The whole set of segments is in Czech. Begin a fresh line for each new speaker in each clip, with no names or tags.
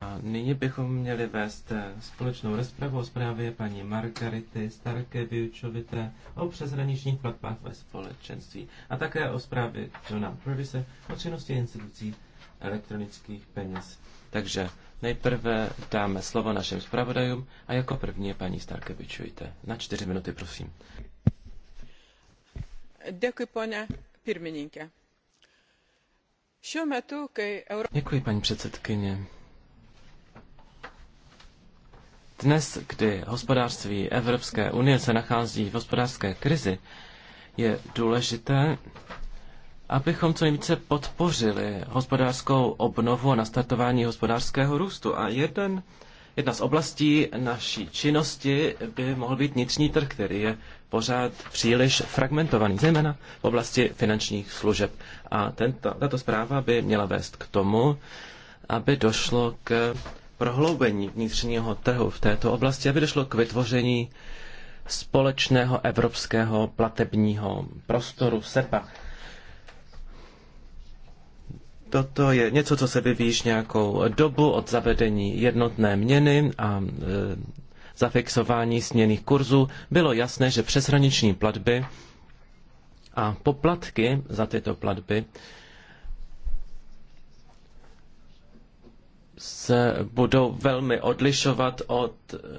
A nyní bychom měli vést eh, společnou rozpravu o zprávě paní Margarity Starké Vyučovité o přeshraničních platbách ve společenství a také o zprávě Johna Purvise o činnosti institucí elektronických peněz. Takže nejprve dáme slovo našim zpravodajům a jako první je paní Starké Vyučovité. Na čtyři minuty, prosím. Děkuji, pane pirmininke. Děkuji, paní předsedkyně. Dnes, kdy hospodářství Evropské unie se nachází v hospodářské krizi, je důležité, abychom co nejvíce podpořili hospodářskou obnovu a nastartování hospodářského růstu. A jeden, jedna z oblastí naší činnosti by mohl být vnitřní trh, který je pořád příliš fragmentovaný, zejména v oblasti finančních služeb. A tento, tato zpráva by měla vést k tomu, aby došlo k prohloubení vnitřního trhu v této oblasti, aby došlo k vytvoření společného evropského platebního prostoru SEPA. Toto je něco, co se vyvíjí nějakou dobu od zavedení jednotné měny a e, zafixování směných kurzů. Bylo jasné, že přeshraniční platby a poplatky za tyto platby se budou velmi odlišovat od,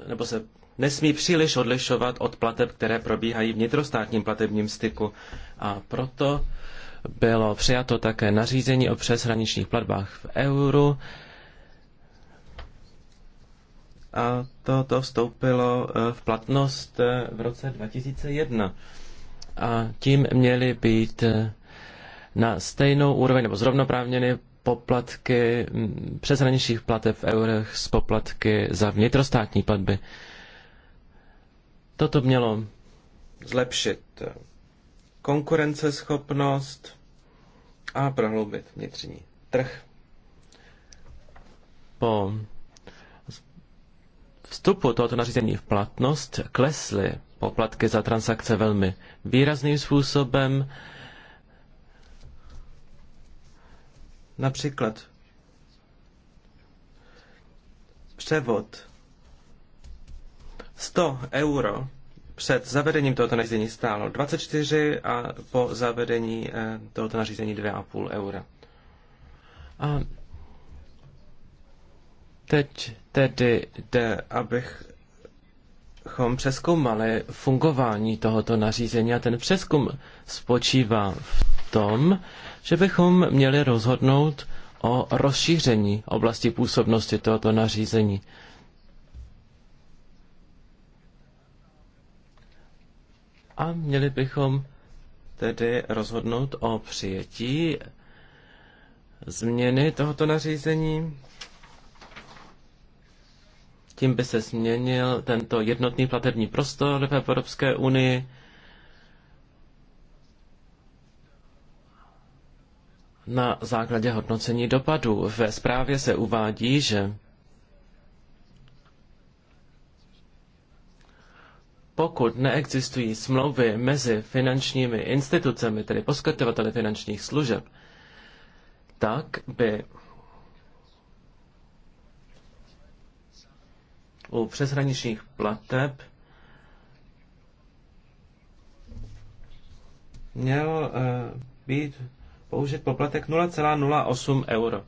nebo se nesmí příliš odlišovat od plateb, které probíhají v vnitrostátním platebním styku. A proto bylo přijato také nařízení o přeshraničních platbách v euru a toto vstoupilo e, v platnost e, v roce 2001. A tím měly být e, na stejnou úroveň nebo zrovnoprávněny poplatky přeshraničních plateb v eurech s poplatky za vnitrostátní platby. Toto mělo zlepšit eh, konkurenceschopnost a prohloubit vnitřní trh. Po vstupu tohoto nařízení v platnost klesly poplatky za transakce velmi výrazným způsobem. Například převod 100 euro před zavedením tohoto nařízení stálo 24 a po zavedení eh, tohoto nařízení 2,5 eura. A teď tedy jde, abychom přeskoumali fungování tohoto nařízení a ten přeskum spočívá v tom, že bychom měli rozhodnout o rozšíření oblasti působnosti tohoto nařízení. A měli bychom tedy rozhodnout o přijetí změny tohoto nařízení. Tím by se změnil tento jednotný platební prostor v Evropské unii na základě hodnocení dopadu. Ve zprávě se uvádí, že pokud neexistují smlouvy mezi finančními institucemi, tedy poskytovateli finančních služeb, tak by u přeshraničních plateb měl eh, být použit poplatek 0,08 euro.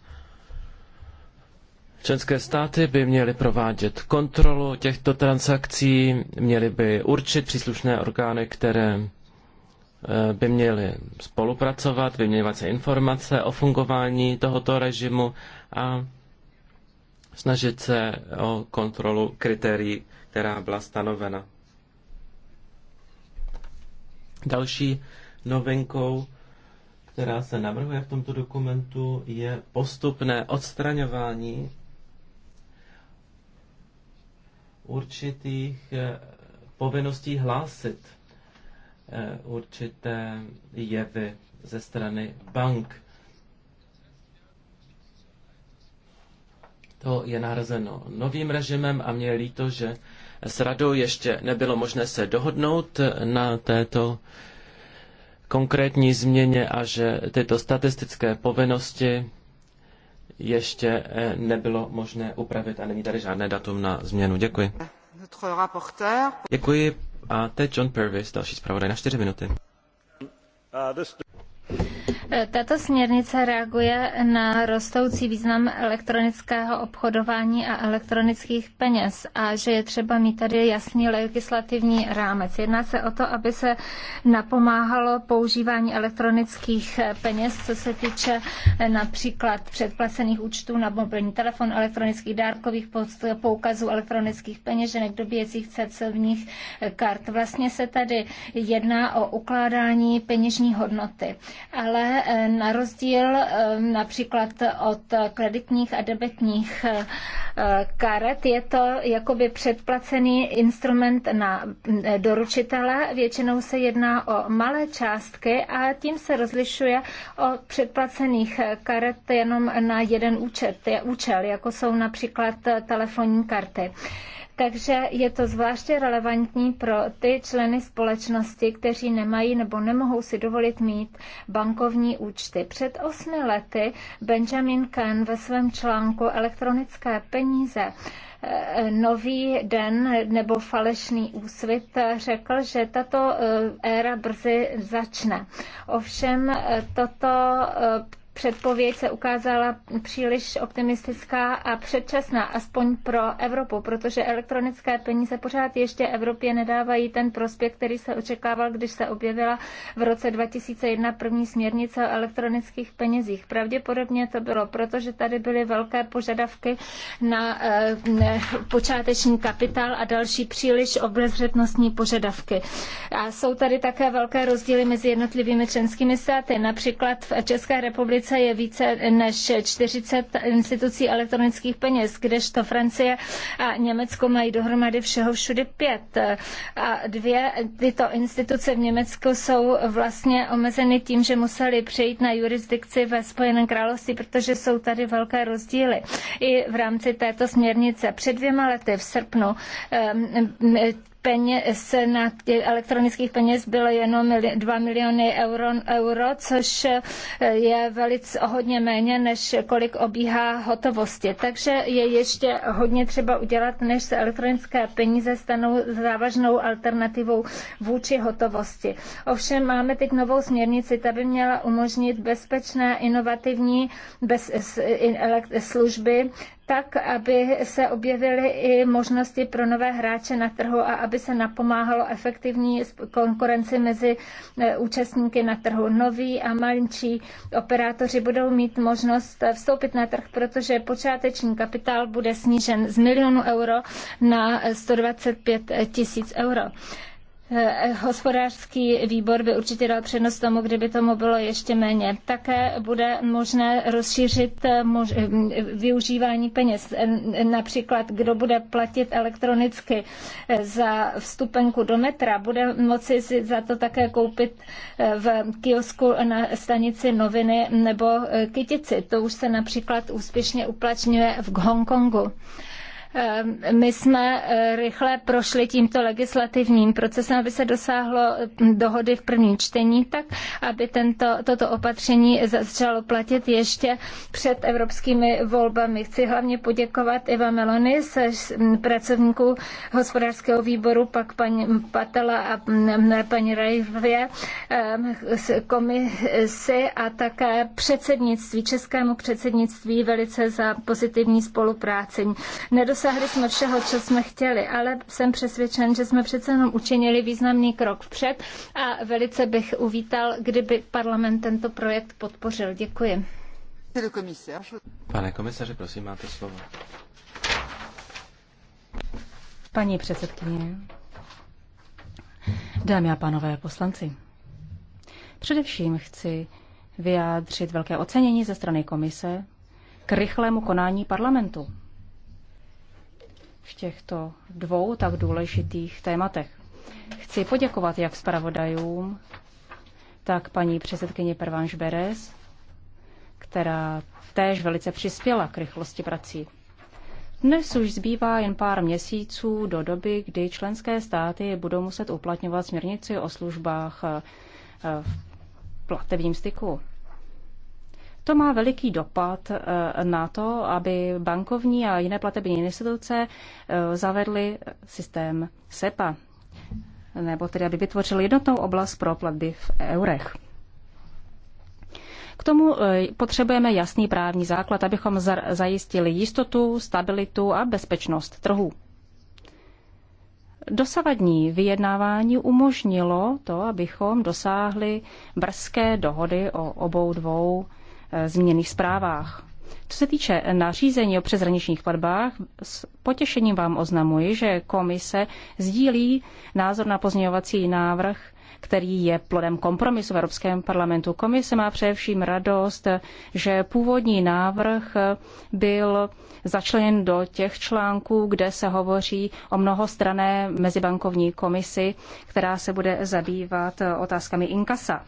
Členské státy by měly provádět kontrolu těchto transakcí, měly by určit příslušné orgány, které eh, by měly spolupracovat, vyměňovat se informace o fungování tohoto režimu a snažit se o kontrolu kritérií, která byla stanovena. Další novinkou
která se navrhuje
v tomto dokumentu, je postupné odstraňování určitých eh, povinností hlásit eh, určité jevy ze strany bank. To je nahrazeno novým režimem a mě je líto, že s radou ještě nebylo možné se dohodnout na této konkrétní změně a že tyto statistické povinnosti ještě eh, nebylo možné upravit a není tady žádné datum na změnu. Děkuji. Děkuji. A teď John Purvis, další zpravodaj na čtyři minuty.
Uh, tato směrnice reaguje na rostoucí význam elektronického obchodování a elektronických peněz a že je třeba mít tady jasný legislativní rámec. Jedná se o to, aby se napomáhalo používání elektronických peněz, co se týče eh, například předplacených účtů na mobilní telefon, elektronických dárkových poukazů, elektronických peněženek, dobíjecích cestovních eh, kart. Vlastně se tady jedná o ukládání peněžní hodnoty, ale Eh, na rozdíl eh, například od kreditních a debetních eh, karet je to jakoby předplacený instrument na doručitele. Většinou se jedná o malé částky a tím se rozlišuje od předplacených karet jenom na jeden účet, účel, jako jsou například telefonní karty takže je to zvláště relevantní pro ty členy společnosti, kteří nemají nebo nemohou si dovolit mít bankovní účty. Před osmi lety Benjamin Ken ve svém článku Elektronické peníze eh, nový den nebo falešný úsvit řekl, že tato eh, éra brzy začne. Ovšem eh, toto předpověď se ukázala příliš optimistická a předčasná, aspoň pro Evropu, protože elektronické peníze pořád ještě Evropě nedávají ten prospěch, který se očekával, když se objevila v roce 2001 první směrnice o elektronických penězích. Pravděpodobně to bylo, protože tady byly velké požadavky na eh, počáteční kapitál a další příliš obezřetnostní požadavky. A jsou tady také velké rozdíly mezi jednotlivými členskými státy. Například v České republice republice je více než 40 institucí elektronických peněz, kdežto Francie a Německo mají dohromady všeho všude pět. A dvě tyto instituce v Německu jsou vlastně omezeny tím, že museli přejít na jurisdikci ve Spojeném království, protože jsou tady velké rozdíly i v rámci této směrnice. Před dvěma lety v srpnu ehm, peněz, na elektronických peněz bylo jenom 2 miliony euro, euro, což eh, je velice hodně méně, než kolik obíhá hotovosti. Takže je ještě hodně třeba udělat, než se elektronické peníze stanou závažnou alternativou vůči hotovosti. Ovšem máme teď novou směrnici, ta by měla umožnit bezpečné, inovativní bez, služby tak, aby se objevily i možnosti pro nové hráče na trhu a aby se napomáhalo efektivní konkurenci mezi e, účastníky na trhu. Noví a malinčí operátoři budou mít možnost vstoupit na trh, protože počáteční kapitál bude snížen z milionu euro na 125 e, tisíc euro. Eh, hospodářský výbor by určitě dal přednost tomu, kdyby tomu bylo ještě méně. Také bude možné rozšířit eh, mož eh, využívání peněz. Například, kdo bude platit elektronicky za vstupenku do metra, bude moci si za to také koupit v kiosku na stanici noviny nebo kytici. To už se například úspěšně uplatňuje v Hongkongu. Ehm, my jsme eh, rychle prošli tímto legislativním procesem, aby se dosáhlo hm, dohody v prvním čtení, tak aby tento, toto opatření začalo platit ještě před evropskými volbami. Chci hlavně poděkovat Iva Meloni se hm, pracovníků hospodářského výboru, pak paní Patela a hm, paní Rajvě, ehm, komisi a také předsednictví, českému předsednictví velice za pozitivní spolupráci. Nedos Nedosáhli jsme všeho, co jsme chtěli, ale jsem přesvědčen, že jsme přece jenom učinili významný krok vpřed a velice bych uvítal, kdyby parlament tento projekt podpořil. Děkuji.
Pane komisaři, prosím, máte slovo.
Paní předsedkyně, dámy a pánové poslanci, především chci vyjádřit velké ocenění ze strany komise k rychlému konání parlamentu v těchto dvou tak důležitých tématech. Chci poděkovat jak zpravodajům, tak paní předsedkyni Pervanš Beres, která též velice přispěla k rychlosti prací. Dnes už zbývá jen pár měsíců do doby, kdy členské státy budou muset uplatňovat směrnici o službách eh, v platebním styku. To má veliký dopad eh, na to, aby bankovní a jiné platební instituce eh, zavedly systém SEPA, nebo tedy aby vytvořili jednotnou oblast pro platby v eurech. K tomu eh, potřebujeme jasný právní základ, abychom zajistili jistotu, stabilitu a bezpečnost trhů. Dosavadní vyjednávání umožnilo to, abychom dosáhli brzké dohody o obou dvou Eh, zmíněných zprávách. Co se týče nařízení o přezraničních platbách, s potěšením vám oznamuji, že komise sdílí názor na pozměňovací návrh který je plodem kompromisu v Evropském parlamentu. Komise má především radost, že původní návrh byl začleněn do těch článků, kde se hovoří o mnohostrané mezibankovní komisi, která se bude zabývat otázkami inkasa.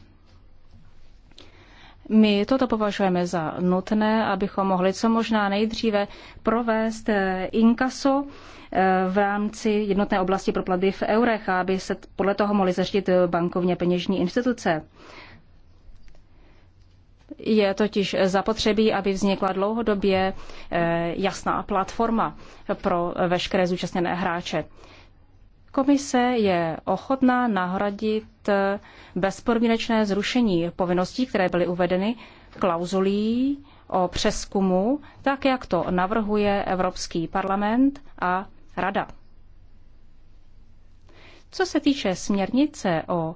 My toto považujeme za nutné, abychom mohli co možná nejdříve provést eh, inkaso eh, v rámci jednotné oblasti pro platby v eurech, aby se podle toho mohly zařídit eh, bankovně peněžní instituce. Je totiž zapotřebí, aby vznikla dlouhodobě jasná platforma pro veškeré zúčastněné hráče. Komise je ochotná nahradit bezpodmínečné zrušení povinností, které byly uvedeny klauzulí o přeskumu, tak jak to navrhuje Evropský parlament a Rada. Co se týče směrnice o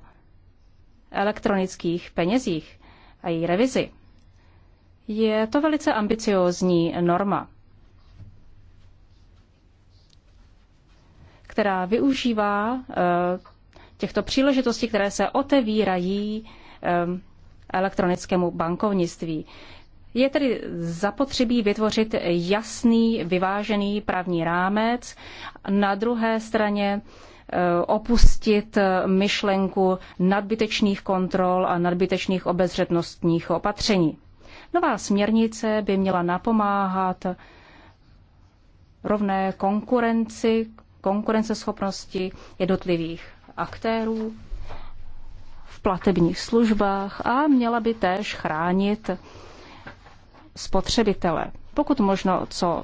elektronických penězích a její revizi, je to velice ambiciózní norma. která využívá eh, těchto příležitostí, které se otevírají eh, elektronickému bankovnictví. Je tedy zapotřebí vytvořit jasný, vyvážený právní rámec, na druhé straně eh, opustit myšlenku nadbytečných kontrol a nadbytečných obezřetnostních opatření. Nová směrnice by měla napomáhat rovné konkurenci konkurenceschopnosti jednotlivých aktérů v platebních službách a měla by též chránit spotřebitele, pokud možno co e,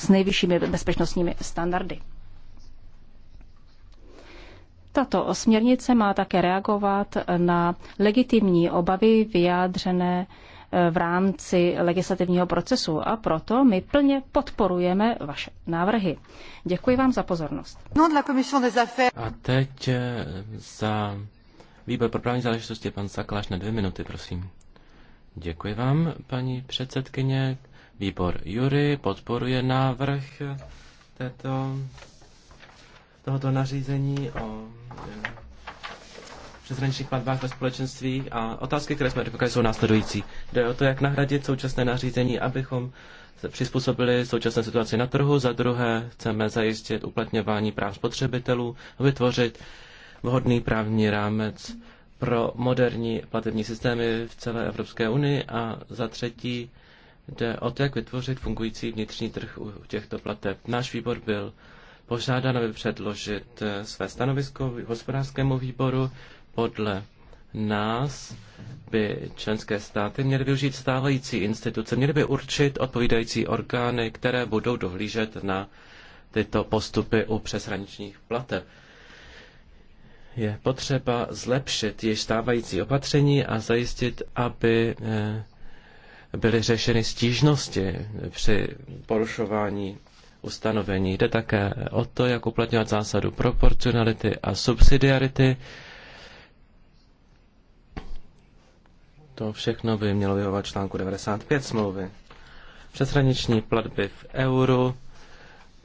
s nejvyššími bezpečnostními standardy. Tato směrnice má také reagovat na legitimní obavy vyjádřené Eh, v rámci legislativního procesu a proto my plně podporujeme vaše návrhy. Děkuji vám za pozornost. No,
a teď eh, za výbor pro právní záležitosti pan Sakláš na dvě minuty, prosím. Děkuji vám, paní předsedkyně. Výbor Jury podporuje návrh této, tohoto nařízení o eh, přeshraničních platbách ve společenství a otázky, které jsme identifikovali, jsou následující. Jde o to, jak nahradit současné nařízení, abychom se přizpůsobili současné situaci na trhu. Za druhé, chceme zajistit uplatňování práv spotřebitelů, vytvořit vhodný právní rámec pro moderní platební systémy v celé Evropské unii a za třetí jde o to, jak vytvořit fungující vnitřní trh u těchto plateb. Náš výbor byl požádán, aby předložit eh, své stanovisko hospodářskému výboru podle nás by členské státy měly využít stávající instituce, měly by určit odpovídající orgány, které budou dohlížet na tyto postupy u přeshraničních plateb. Je potřeba zlepšit již stávající opatření a zajistit, aby eh, byly řešeny stížnosti při porušování ustanovení. Jde také o to, jak uplatňovat zásadu proporcionality a subsidiarity To všechno by mělo vyhovat článku 95 smlouvy. Přeshraniční platby v euru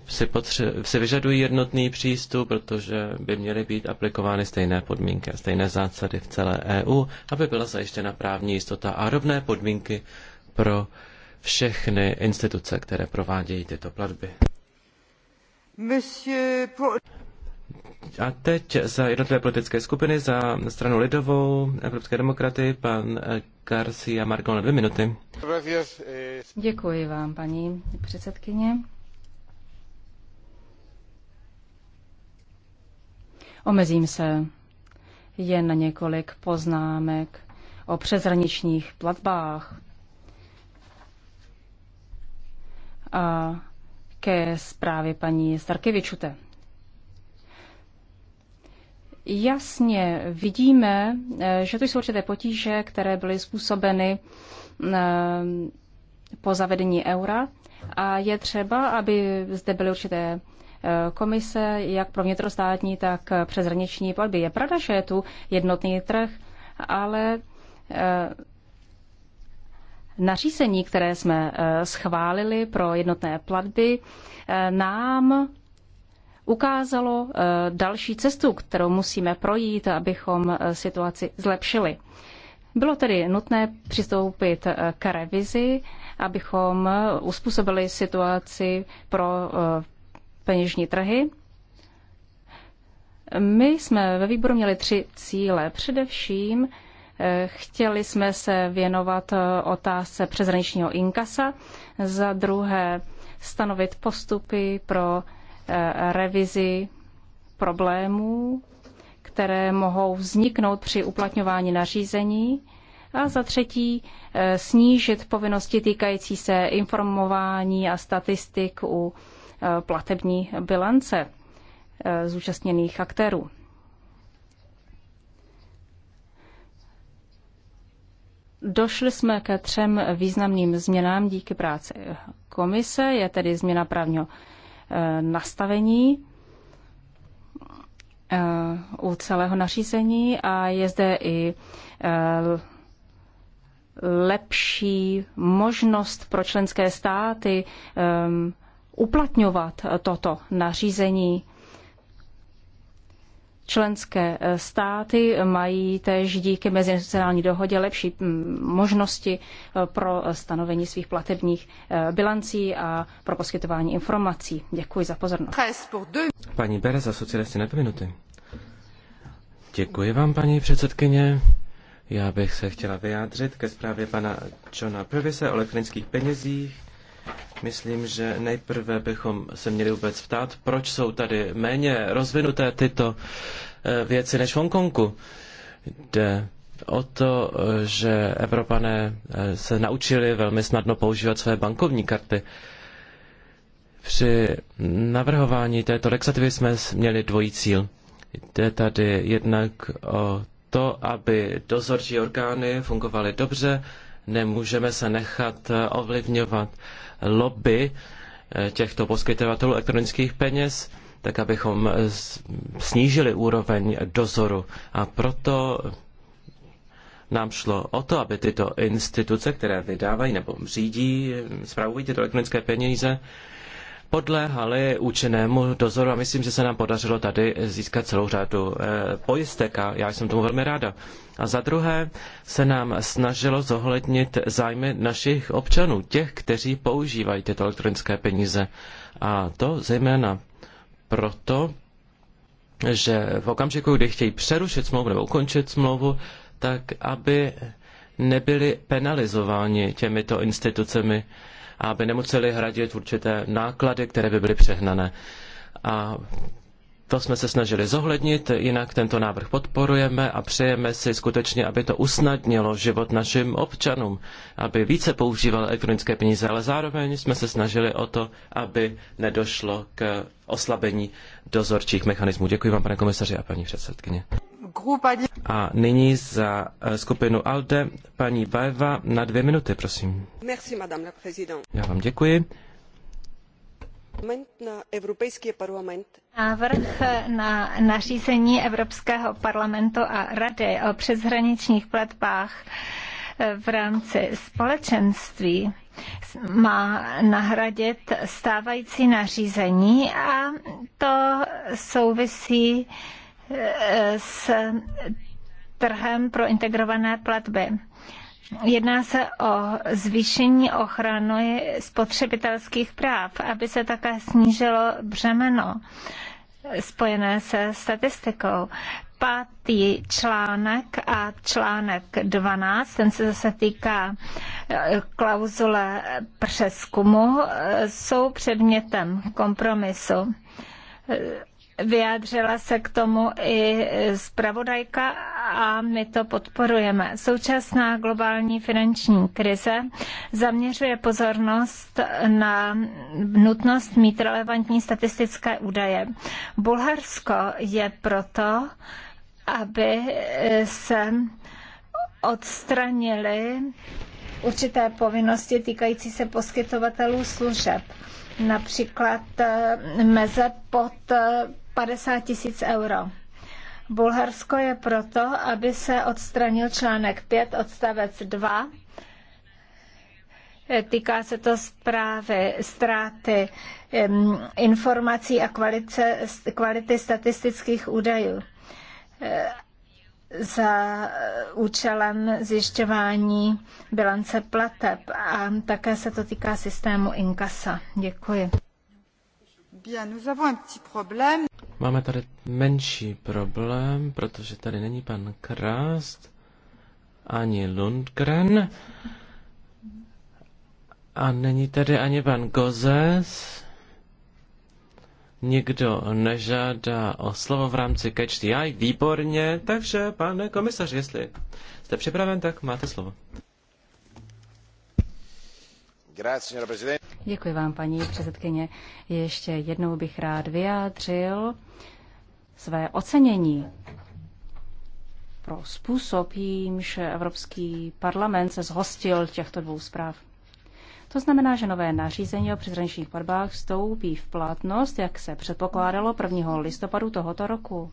si, potře- si vyžadují jednotný přístup, protože by měly být aplikovány stejné podmínky a stejné zásady v celé EU, aby byla zajištěna právní jistota a rovné podmínky pro všechny instituce, které provádějí tyto platby. Monsieur... A teď za jednotlivé politické skupiny, za stranu lidovou, Evropské demokraty, pan eh, Garcia
Margon, dvě minuty. Děkuji vám, paní předsedkyně. Omezím se jen na několik poznámek o přezraničních platbách a ke zprávě paní Starkevičute jasně vidíme, eh, že tu jsou určité potíže, které byly způsobeny eh, po zavedení eura a je třeba, aby zde byly určité eh, komise, jak pro vnitrostátní, tak hraniční platby. Je pravda, že je tu jednotný trh, ale nařízení, které jsme schválili pro jednotné platby, nám ukázalo eh, další cestu, kterou musíme projít, abychom eh, situaci zlepšili. Bylo tedy nutné přistoupit eh, k revizi, abychom uspůsobili situaci pro peněžní trhy. My jsme ve výboru měli tři cíle. Především chtěli jsme se věnovat otázce přezraničního inkasa, za druhé stanovit postupy pro Eh, revizi problémů, které mohou vzniknout při uplatňování nařízení a za třetí eh, snížit povinnosti týkající se informování a statistik u eh, platební bilance zúčastněných aktérů. Došli jsme ke třem významným změnám díky práci komise. Je tedy změna právního nastavení eh, u celého nařízení a je zde i eh, lepší možnost pro členské státy eh, uplatňovat toto nařízení Členské eh, státy mají též díky mezinárodní dohodě lepší mm, možnosti eh, pro eh, stanovení svých platebních bilancí a pro poskytování informací. Děkuji za pozornost.
Paní Beres, asociace na dvě minuty. Děkuji vám, paní předsedkyně. Já bych se chtěla vyjádřit ke zprávě pana Johna Privise o elektronických penězích. Myslím, že nejprve bychom se měli vůbec ptát, proč jsou tady méně rozvinuté tyto eh, věci než v Hongkongu. Jde o to, že Evropané eh, se naučili velmi snadno používat své bankovní karty. Při navrhování této legislativy jsme měli dvojí cíl. Jde tady jednak o to, aby dozorčí orgány fungovaly dobře, Nemůžeme se nechat eh, ovlivňovat lobby eh, těchto poskytovatelů elektronických peněz, tak abychom eh, snížili úroveň dozoru. A proto nám šlo o to, aby tyto instituce, které vydávají nebo řídí, spravují tyto elektronické peníze, podléhaly účinnému dozoru a myslím, že se nám podařilo tady získat celou řadu eh, pojistek a já jsem tomu velmi ráda. A za druhé se nám snažilo zohlednit zájmy našich občanů, těch, kteří používají tyto elektronické peníze. A to zejména proto, že v okamžiku, kdy chtějí přerušit smlouvu nebo ukončit smlouvu, tak aby nebyli penalizováni těmito institucemi, aby nemuseli hradit určité náklady, které by byly přehnané. A to jsme se snažili zohlednit, jinak tento návrh podporujeme a přejeme si skutečně, aby to usnadnilo život našim občanům, aby více používal elektronické peníze, ale zároveň jsme se snažili o to, aby nedošlo k oslabení dozorčích mechanismů. Děkuji vám, pane komisaři a paní předsedkyně. A nyní za eh, skupinu ALDE paní Bajeva na dvě minuty, prosím. Merci, madame la présidente. Já vám děkuji. Na Evropský parlament.
Návrh eh, na nařízení Evropského parlamentu a Rady o přeshraničních platbách eh, v rámci společenství má nahradit stávající nařízení a to souvisí s trhem pro integrované platby. Jedná se o zvýšení ochrany spotřebitelských práv, aby se také snížilo břemeno spojené se statistikou. Pátý článek a článek 12, ten se zase týká eh, klauzule přeskumu, eh, jsou předmětem kompromisu eh, Vyjádřila se k tomu i zpravodajka a my to podporujeme. Současná globální finanční krize zaměřuje pozornost na nutnost mít relevantní statistické údaje. Bulharsko je proto, aby se odstranily určité povinnosti týkající se poskytovatelů služeb například meze pod 50 tisíc euro. Bulharsko je proto, aby se odstranil článek 5 odstavec 2. Týká se to zprávy, ztráty informací a kvalice, kvality statistických údajů e, za účelem zjišťování bilance plateb a také se to týká systému inkasa. Děkuji. Bien, nous avons un petit problème.
Máme tady menší problém, protože tady není pan Krast, ani Lundgren a není tady ani pan Gozes. Nikdo nežádá o slovo v rámci Catch the Eye. Výborně, takže pane komisař, jestli jste připraven, tak máte slovo.
Grazie,
Děkuji vám, paní předsedkyně. Ještě jednou bych rád vyjádřil své ocenění pro způsob, jímž Evropský parlament se zhostil těchto dvou zpráv. To znamená, že nové nařízení o přizraničních platbách vstoupí v platnost, jak se předpokládalo 1. listopadu tohoto roku.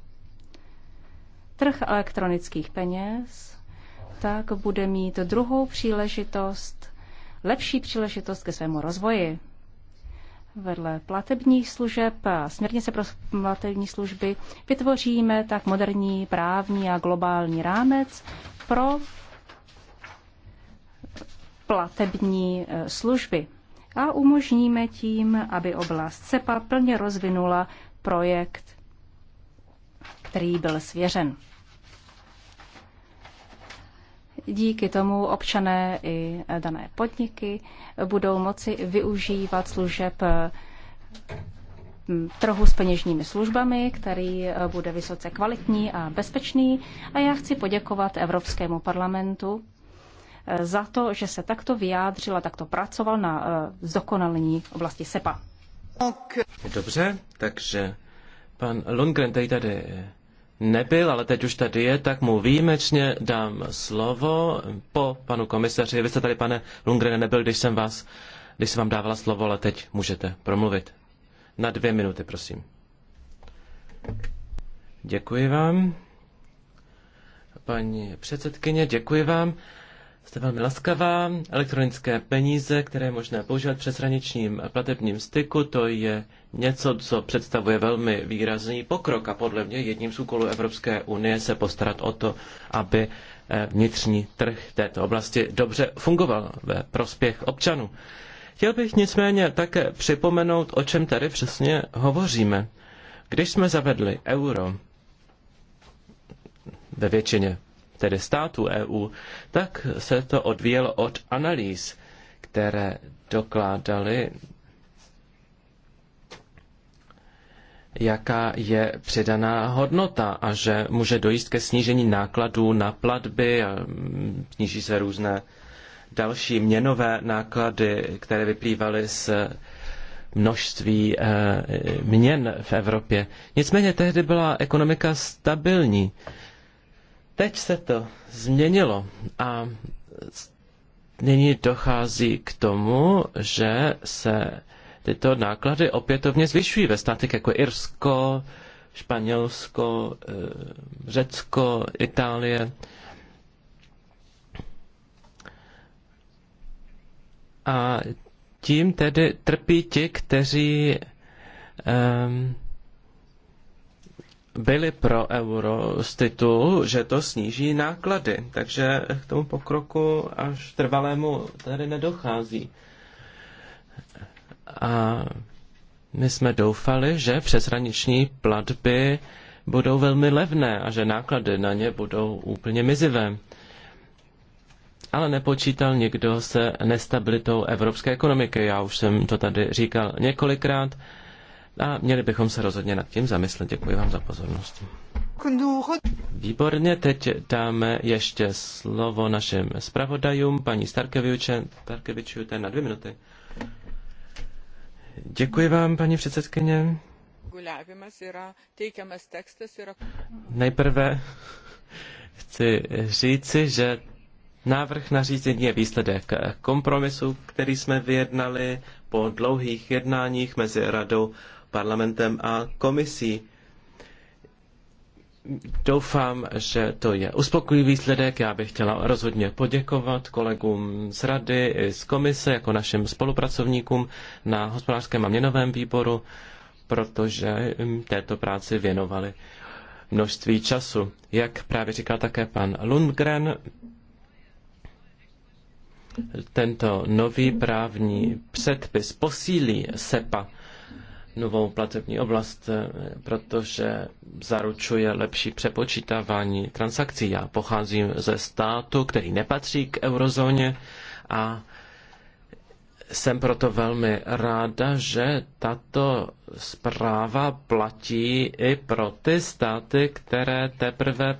Trh elektronických peněz tak bude mít druhou příležitost lepší příležitost ke svému rozvoji. Vedle platebních služeb a směrnice pro platební služby vytvoříme tak moderní právní a globální rámec pro platební e, služby a umožníme tím, aby oblast CEPA plně rozvinula projekt, který byl svěřen. Díky tomu občané i dané podniky budou moci využívat služeb mm, trhu s peněžními službami, který eh, bude vysoce kvalitní a bezpečný. A já chci poděkovat Evropskému parlamentu eh, za to, že se takto vyjádřil a takto pracoval na eh, zdokonalení oblasti SEPA.
Dobře, takže pan Lundgren tady, tady nebyl, ale teď už tady je, tak mu výjimečně dám slovo po panu komisaři. Vy jste tady, pane Lundgren, nebyl, když jsem vás, když jsem vám dávala slovo, ale teď můžete promluvit. Na dvě minuty, prosím. Děkuji vám. Paní předsedkyně, děkuji vám jste velmi laskavá. Elektronické peníze, které je možné používat přes hraničním platebním styku, to je něco, co představuje velmi výrazný pokrok a podle mě jedním z úkolů Evropské unie se postarat o to, aby eh, vnitřní trh této oblasti dobře fungoval ve prospěch občanů. Chtěl bych nicméně také připomenout, o čem tady přesně hovoříme. Když jsme zavedli euro ve většině tedy států EU, tak se to odvíjelo od analýz, které dokládaly, jaká je přidaná hodnota a že může dojít ke snížení nákladů na platby, a sníží se různé další měnové náklady, které vyplývaly z množství eh, měn v Evropě. Nicméně tehdy byla ekonomika stabilní Teď se to změnilo a nyní dochází k tomu, že se tyto náklady opětovně zvyšují ve státech jako Irsko, Španělsko, eh, Řecko, Itálie. A tím tedy trpí ti, kteří um, byli pro euro z titulu, že to sníží náklady, takže k tomu pokroku až trvalému tady nedochází. A my jsme doufali, že přeshraniční platby budou velmi levné a že náklady na ně budou úplně mizivé. Ale nepočítal někdo se nestabilitou evropské ekonomiky. Já už jsem to tady říkal několikrát. A měli bychom se rozhodně nad tím zamyslet. Děkuji vám za pozornost. Výborně, teď dáme ještě slovo našim zpravodajům, paní Starkeviču, ten na dvě minuty. Děkuji vám, paní předsedkyně. Nejprve chci říci, že návrh na řízení je výsledek kompromisu, který jsme vyjednali po dlouhých jednáních mezi radou parlamentem a komisí. Doufám, že to je uspokojivý výsledek. Já bych chtěla rozhodně poděkovat kolegům z rady i z komise, jako našim spolupracovníkům na hospodářském a měnovém výboru, protože této práci věnovali množství času. Jak právě říkal také pan Lundgren, tento nový právní předpis posílí SEPA novou platební oblast, eh, protože zaručuje lepší přepočítávání transakcí. Já pocházím ze státu, který nepatří k eurozóně a jsem proto velmi ráda, že tato zpráva platí i pro ty státy, které teprve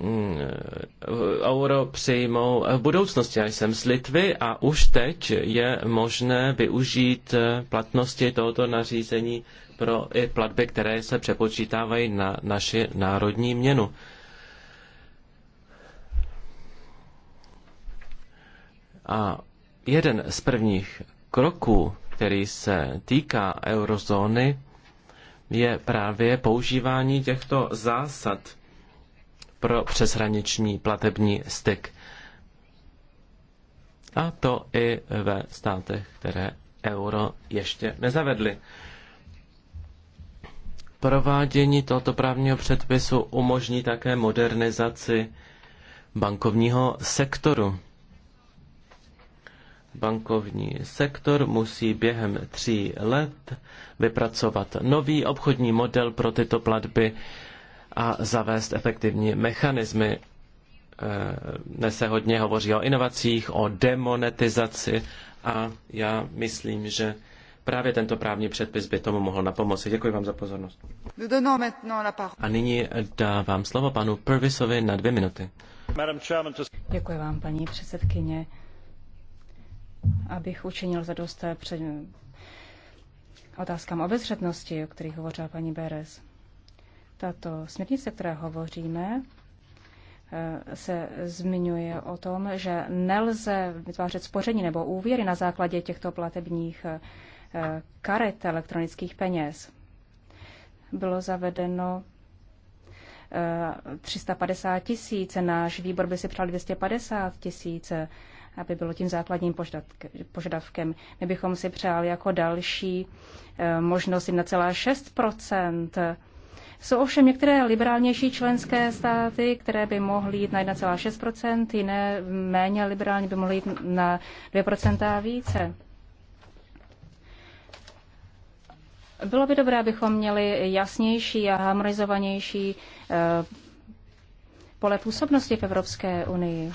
Hmm, eh, euro přijmou v budoucnosti. Já jsem z Litvy a už teď je možné využít eh, platnosti tohoto nařízení pro i platby, které se přepočítávají na naši národní měnu. A jeden z prvních kroků, který se týká eurozóny, je právě používání těchto zásad pro přeshraniční platební styk. A to i ve státech, které euro ještě nezavedly. Provádění tohoto právního předpisu umožní také modernizaci bankovního sektoru. Bankovní sektor musí během tří let vypracovat nový obchodní model pro tyto platby, a zavést efektivní mechanismy. Eh, dnes se hodně hovoří o inovacích, o demonetizaci a já myslím, že právě tento právní předpis by tomu mohl napomoci. Děkuji vám za pozornost. A nyní dávám slovo panu Purvisovi na dvě minuty.
Děkuji vám, paní předsedkyně. Abych učinil zadost eh, před otázkám obezřetnosti, o kterých hovořila paní Beres. Tato směrnice, které hovoříme, eh, se zmiňuje o tom, že nelze vytvářet spoření nebo úvěry na základě těchto platebních eh, karet elektronických peněz. Bylo zavedeno 350 eh, tisíc, náš výbor by si přál 250 tisíc, aby bylo tím základním požadavkem. My bychom si přáli jako další možnost 1,6 jsou ovšem některé liberálnější členské státy, které by mohly jít na 1,6%, jiné méně liberální by mohly jít na 2% a více. Bylo by dobré, abychom měli jasnější a harmonizovanější eh, pole působnosti v Evropské unii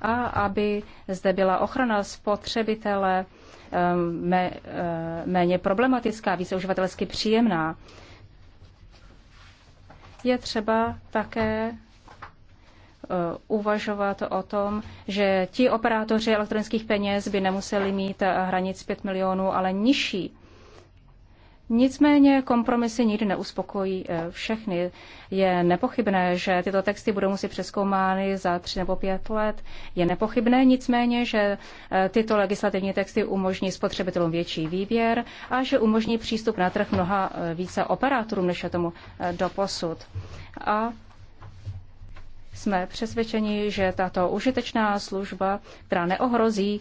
a aby zde byla ochrana spotřebitele eh, eh, méně problematická, více uživatelsky příjemná je třeba také uh, uvažovat o tom, že ti operátoři elektronických peněz by nemuseli mít uh, hranic 5 milionů, ale nižší Nicméně kompromisy nikdy neuspokojí eh, všechny. Je nepochybné, že tyto texty budou muset přeskoumány za tři nebo pět let. Je nepochybné nicméně, že eh, tyto legislativní texty umožní spotřebitelům větší výběr a že umožní přístup na trh mnoha eh, více operátorům, než je tomu doposud. A jsme přesvědčeni, že tato užitečná služba, která neohrozí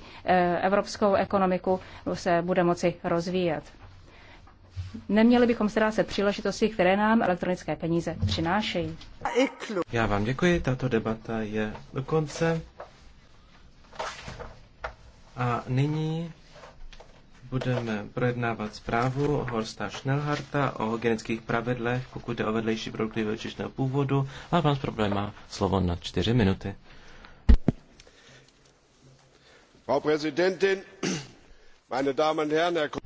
evropskou ekonomiku, se bude moci rozvíjet. Neměli bychom ztrácet příležitosti, které nám elektronické peníze přinášejí.
Já vám děkuji, tato debata je do konce. A nyní budeme projednávat zprávu Horsta Schnellharta o genetických pravidlech, pokud jde o vedlejší produkty živočišného původu. A vám z má slovo na čtyři minuty. Frau Präsidentin, meine Damen und Herren, Herr